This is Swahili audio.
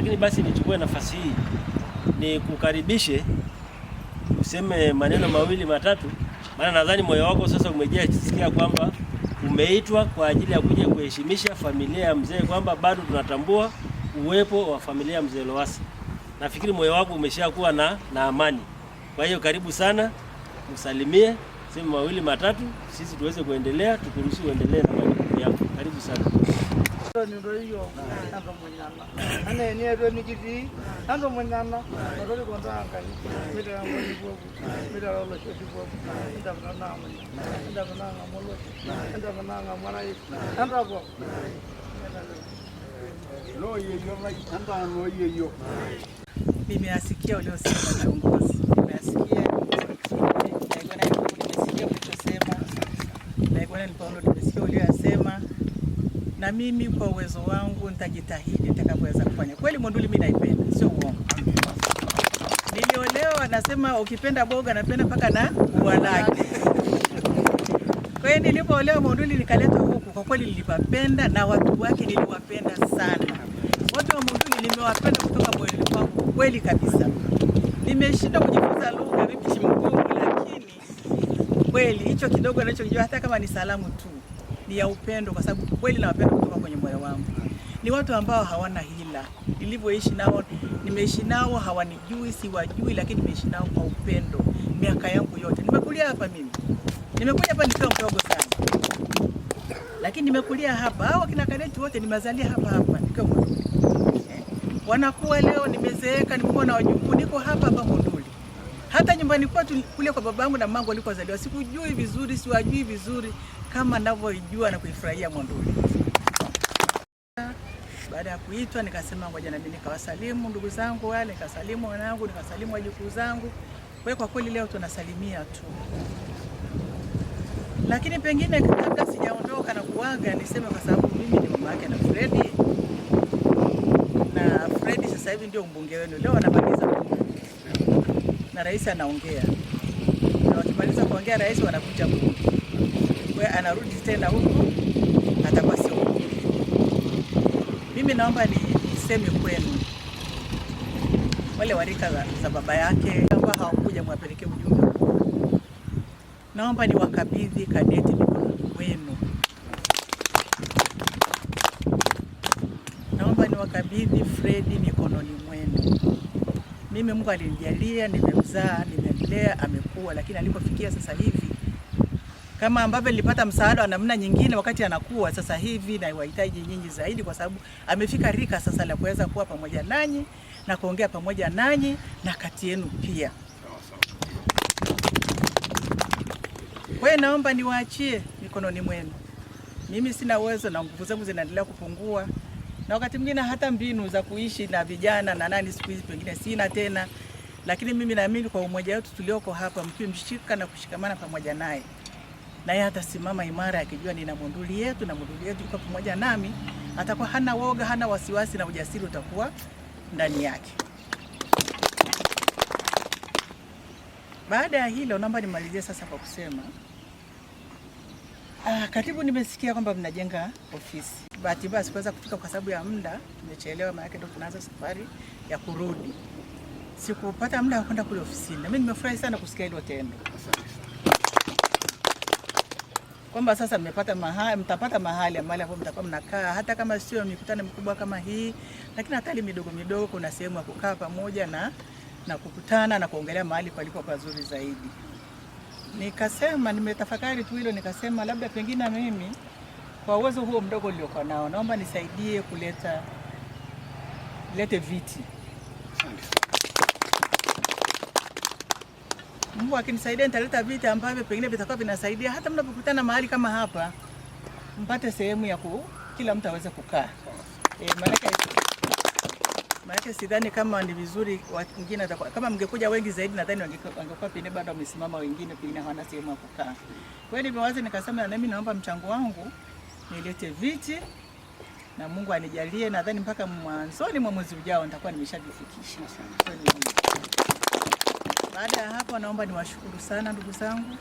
Lakini basi nichukue nafasi hii ni kukaribishe useme maneno mawili matatu, maana nadhani moyo wako sasa umejaa kusikia kwamba umeitwa kwa ajili ya kuja kuheshimisha familia ya mzee, kwamba bado tunatambua uwepo wa familia ya mzee Lowassa. Nafikiri moyo wako umeshakuwa na, na amani. Kwa hiyo karibu sana, msalimie sema mawili matatu, sisi tuweze kuendelea, tukuruhusu uendelee na majukumu yako. Karibu sana tonitoiyo entomonyiana nimeasikia uliosema viongozi nimeasikia nimesikia uliosema nimesikia ulioyasema na mimi kwa uwezo wangu nitajitahidi nitakavyoweza kufanya. Kweli Monduli mimi naipenda, sio uongo. Niliolewa nasema ukipenda boga napenda mpaka na ua lake. Kwa hiyo nilipoolewa Monduli nikaletwa huku, kwa kweli nilipapenda na watu wake niliwapenda sana. Watu wa Monduli nimewapenda kutoka moyoni wangu kweli kabisa. Nimeshinda kujifunza lugha vipi Kimungu, lakini kweli hicho kidogo anachojua hata kama ni salamu tu ni ya upendo, kwa sababu kweli nawapenda kutoka kwenye moyo wangu. Ni watu ambao hawana hila, nilivyoishi nao, nimeishi nao, hawanijui, siwajui, lakini nimeishi nao kwa upendo miaka yangu yote. Nimekulia hapa mimi, nimekuja hapa nikiwa mdogo sana, lakini nimekulia hapa. Hao kina kadeti wote nimezalia hapa hapa nikiwa mdogo, wanakuwa leo nimezeeka, nimekuwa na wajukuu, niko hapa hapa Monduli. Hata nyumbani kwetu kule kwa babangu na mamangu walikozaliwa sikujui vizuri, siwajui vizuri kama navyoijua na kuifurahia Monduli. Baada ya kuitwa nikasema ngoja na nikawasalimu ndugu zangu wale, nikasalimu wanangu, nikasalimu wajukuu zangu. Kwa kwa kweli leo tunasalimia tu, lakini pengine kabla sijaondoka na kuaga niseme, kwa sababu mimi ni mama yake na Fredi, na Fredi sasa hivi ndio mbunge wenu leo anamaliza na rais anaongea, na wakimaliza kuongea rais wanakuja huku, kwa anarudi tena huko, atakuwa sio Mimi naomba niseme kwenu wale warika za baba yake ambao hawakuja mwapeleke ujumbe, naomba wakabidhi kadeti mikono wenu, naomba wakabidhi Fredi mikononi mwenu. Mimi Mungu alinijalia, nimemzaa, nimemlea, amekuwa, lakini alipofikia sasa hivi kama ambavyo nilipata msaada wa namna nyingine wakati anakuwa, sasa hivi na wahitaji nyinyi zaidi, kwa sababu amefika rika sasa la kuweza kuwa pamoja nanyi na kuongea pamoja nanyi na kati yenu pia. Kwa hiyo naomba niwaachie mikononi mwenu. Mimi sina uwezo na nguvu zangu zinaendelea kupungua na wakati mwingine hata mbinu za kuishi na vijana na nani siku hizi pengine sina tena, lakini mimi naamini kwa umoja wetu tulioko hapa, mkimshika na kushikamana pamoja naye, naye atasimama imara, akijua nina Monduli yetu na Monduli yetu iko pamoja nami, atakuwa hana woga, hana wasiwasi, na ujasiri utakuwa ndani yake. Baada ya hilo, naomba nimalizie sasa kwa kusema Ah, katibu, nimesikia kwamba mnajenga ofisi. Bahati mbaya sikuweza kufika kwa sababu ya muda, tumechelewa, maana ndio tunaanza safari ya kurudi. Sikupata muda wa kwenda kule ofisini. mimi nimefurahi sana kusikia hilo tendo, kwamba sasa mmepata mahali, mtapata mahali ambapo mtakuwa mnakaa, hata kama sio mikutano mikubwa kama hii, lakini hata ile midogo midogo, kuna sehemu ya kukaa pamoja na na kukutana na kuongelea mahali palipo pazuri zaidi. Nikasema nimetafakari tu hilo, nikasema labda pengine mimi kwa uwezo huo mdogo niliokuwa nao, naomba nisaidie kuleta lete viti. Mungu akinisaidia nitaleta viti ambavyo pengine vitakuwa vinasaidia hata mnapokutana mahali kama hapa, mpate sehemu ya ku kila mtu aweze kukaa e, maana sidhani kama ni vizuri wengine, kama mngekuja wengi zaidi, nadhani wangekuwa pengine bado wamesimama, wengine pengine hawana sehemu ya kukaa. Kwa hiyo niliwaza nikasema, nami naomba mchango wangu nilete viti na Mungu anijalie, nadhani mpaka mwanzoni mwa mwezi ujao nitakuwa nimeshavifikisha. Baada ya hapo, naomba niwashukuru sana ndugu zangu.